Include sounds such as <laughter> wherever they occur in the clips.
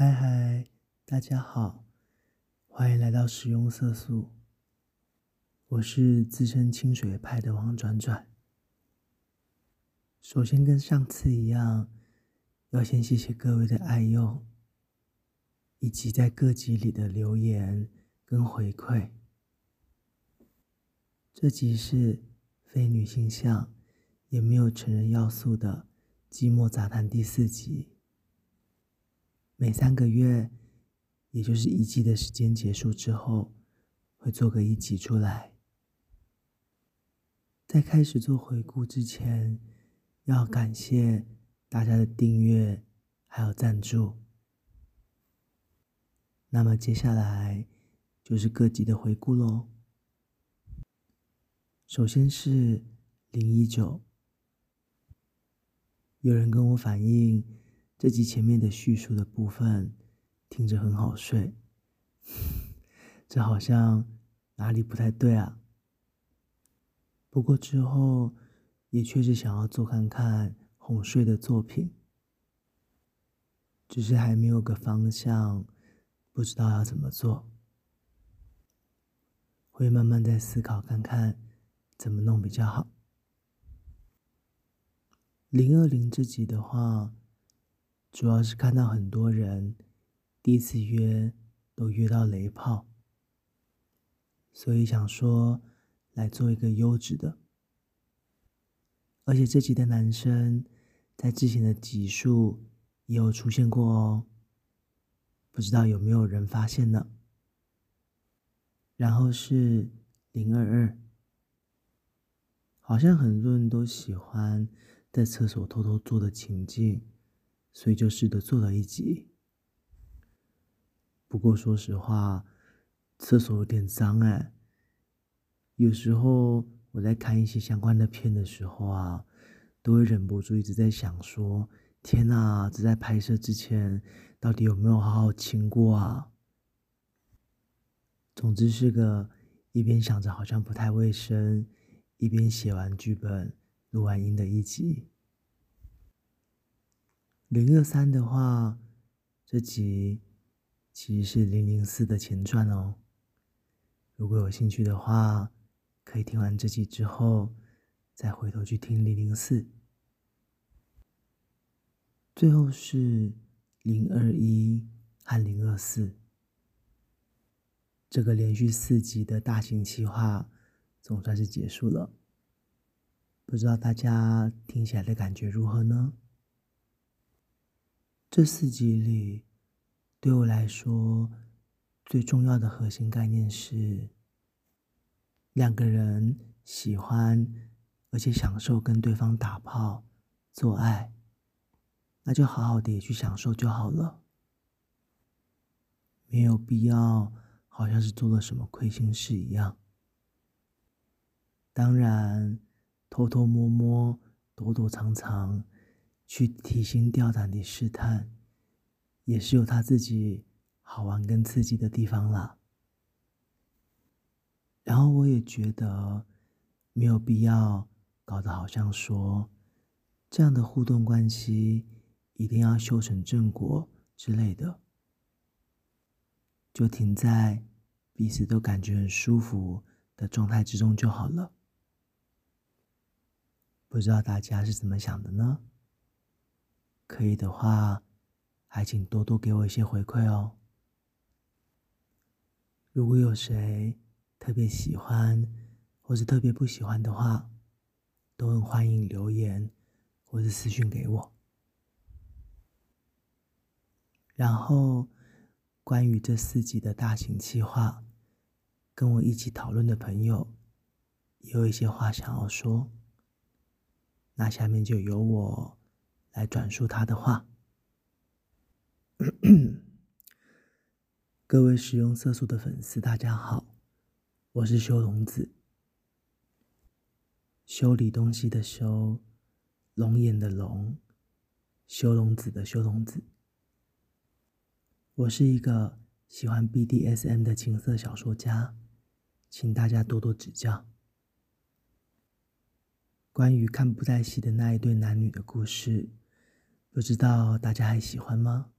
嗨嗨，Hi, Hi, 大家好，歡迎來到食用色素。我是資深清水派的王轉轉。首先跟上次一樣，要先謝謝各位的愛用，以及在各集裡的留言跟回饋。這集是非女性向，也沒有成人要素的《季末雜談》第四集。每三個月，也就是一季的時間結束之後，會做個一集出來。在開始做回顧之前，要感謝大家的訂閱還有贊助。那麼接下來就是各集的回顧嘍。首先是零一九，有人跟我反映。這集前面的敘述的部分聽着很好睡， <laughs> 這好像哪裡不太對啊？不過之後也確實想要做看看哄睡的作品，只是還沒有個方向，不知道要怎麼做，會慢慢再思考看看怎麼弄比較好。零二零這集的話。主要是看到很多人第一次約都約到雷炮，所以想說來做一個優質的。而且這集的男生在之前的集數也有出現過哦，不知道有沒有人發現呢？然後是022，好像很多人都喜歡在廁所偷偷做的情境。所以就試着做了一集。不過說實話，廁所有點髒哎。有時候我在看一些相關的片的時候啊，都會忍不住一直在想說，天吶，這在拍攝之前到底有沒有好好親過啊？總之是個一邊想着好像不太衛生，一邊寫完劇本、錄完音的一集。零二三的話，這集其實是零零四的前傳哦。如果有興趣的話，可以聽完這集之後再回頭去聽零零四。最後是零二一和零二四。這個連續四集的大型企劃總算是結束了。不知道大家聽起來的感覺如何呢？這四集裡，對我來說最重要的核心概念是：兩個人喜歡而且享受跟對方打炮、做愛，那就好好的也去享受就好了，沒有必要好像是做了什麼虧心事一樣。當然，偷偷摸摸、躲躲藏藏，去提心吊膽的試探，也是有他自己好玩跟刺激的地方啦。然後我也覺得沒有必要搞得好像說這樣的互動關係一定要修成正果之類的，就停在彼此都感覺很舒服的狀態之中就好了。不知道大家是怎麼想的呢？可以的話，還請多多給我一些回饋哦。如果有誰特別喜歡或是特別不喜歡的話，都很歡迎留言或是私訊給我。然後，關於這四集的大型企劃，跟我一起討論的朋友，也有一些話想要說。那下面就由我。來轉述他的話。 <coughs> 各位使用色素的粉絲，大家好，我是修龍子，修理東西的修，龍眼的龍，修龍子的修龍子。我是一個喜歡 BDSM 的情色小說家，請大家多多指教。關於看不太戲的那一對男女的故事，不知道大家還喜歡嗎？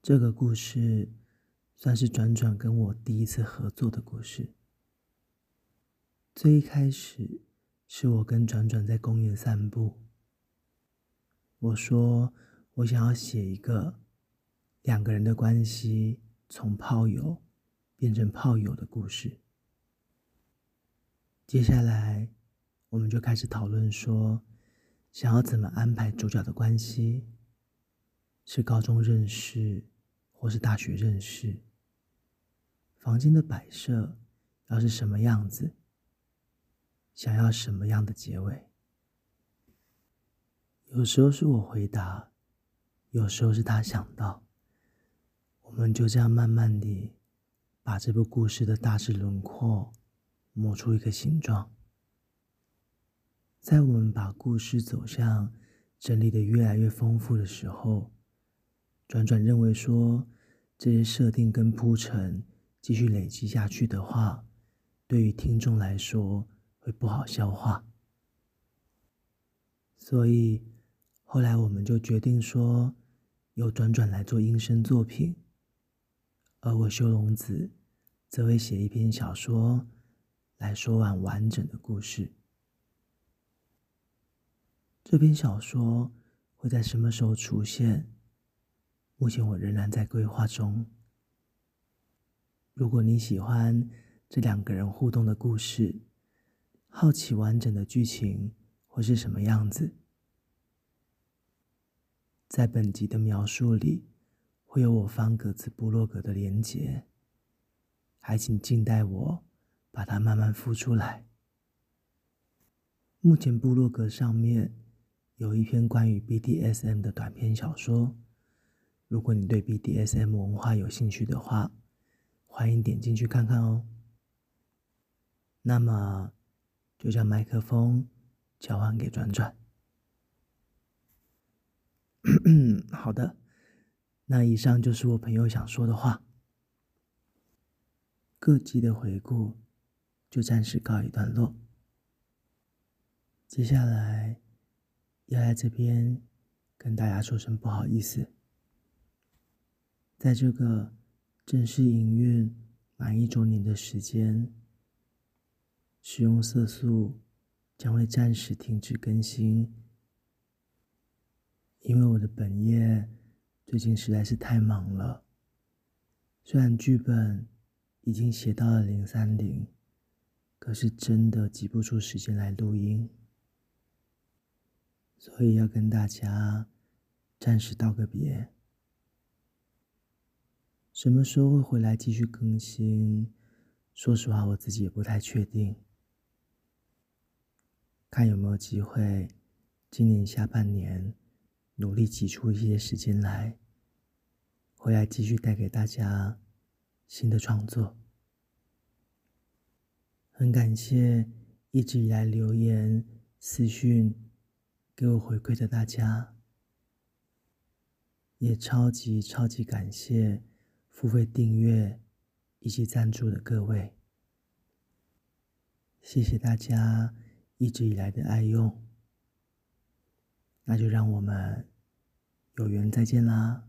這個故事算是轉轉跟我第一次合作的故事。最一開始是我跟轉轉在公園散步，我說我想要寫一個兩個人的關係從炮友變成炮友的故事。接下來。我們就開始討論說，想要怎麼安排主角的關係，是高中認識，或是大學認識。房間的擺設要是什麼樣子，想要什麼樣的結尾。有時候是我回答，有時候是他想到。我們就這樣慢慢地把這部故事的大致輪廓抹出一個形狀。在我們把故事走向整理的越來越豐富的時候，轉轉認為說這些設定跟鋪陳繼續累積下去的話，對於聽眾來說會不好消化，所以後來我們就決定說由轉轉來做音聲作品，而我修龍子則會寫一篇小說來說完完整的故事。這篇小說會在什麼時候出現？目前我仍然在規劃中。如果你喜歡這兩個人互動的故事，好奇完整的劇情會是什麼樣子，在本集的描述裡會有我方格子部落格的連結，還請靜待我把它慢慢孵出來。目前部落格上面。有一篇關於 BDSM 的短篇小說，如果你對 BDSM 文化有興趣的話，歡迎點進去看看哦。那麼，就將麥克風交換給轉轉。 <coughs> 好的，那以上就是我朋友想說的話。各集的回顧就暫時告一段落，接下來。要來這邊跟大家說聲不好意思，在這個正式營運滿一周年的時間，使用色素將會暫時停止更新，因為我的本業最近實在是太忙了。雖然劇本已經寫到了零三零，可是真的擠不出時間來錄音。所以要跟大家暫時道個別。什麼時候會回來繼續更新？說實話，我自己也不太確定。看有沒有機會，今年下半年努力擠出一些時間來，回來繼續帶給大家新的創作。很感謝一直以來留言私訊。給我回饋的大家，也超級超級感謝付費訂閱以及贊助的各位，謝謝大家一直以來的愛用。那就讓我們有緣再見啦！